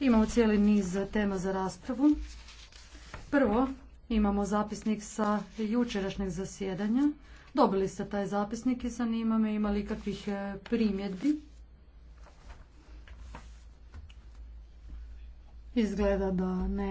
Imamo cijeli niz tema za raspravu. Prvo, imamo zapisnik sa jučerašnjeg zasjedanja. Dobili ste taj zapisnik i zanima me ima li kakvih e, primjedbi. Izgleda da ne.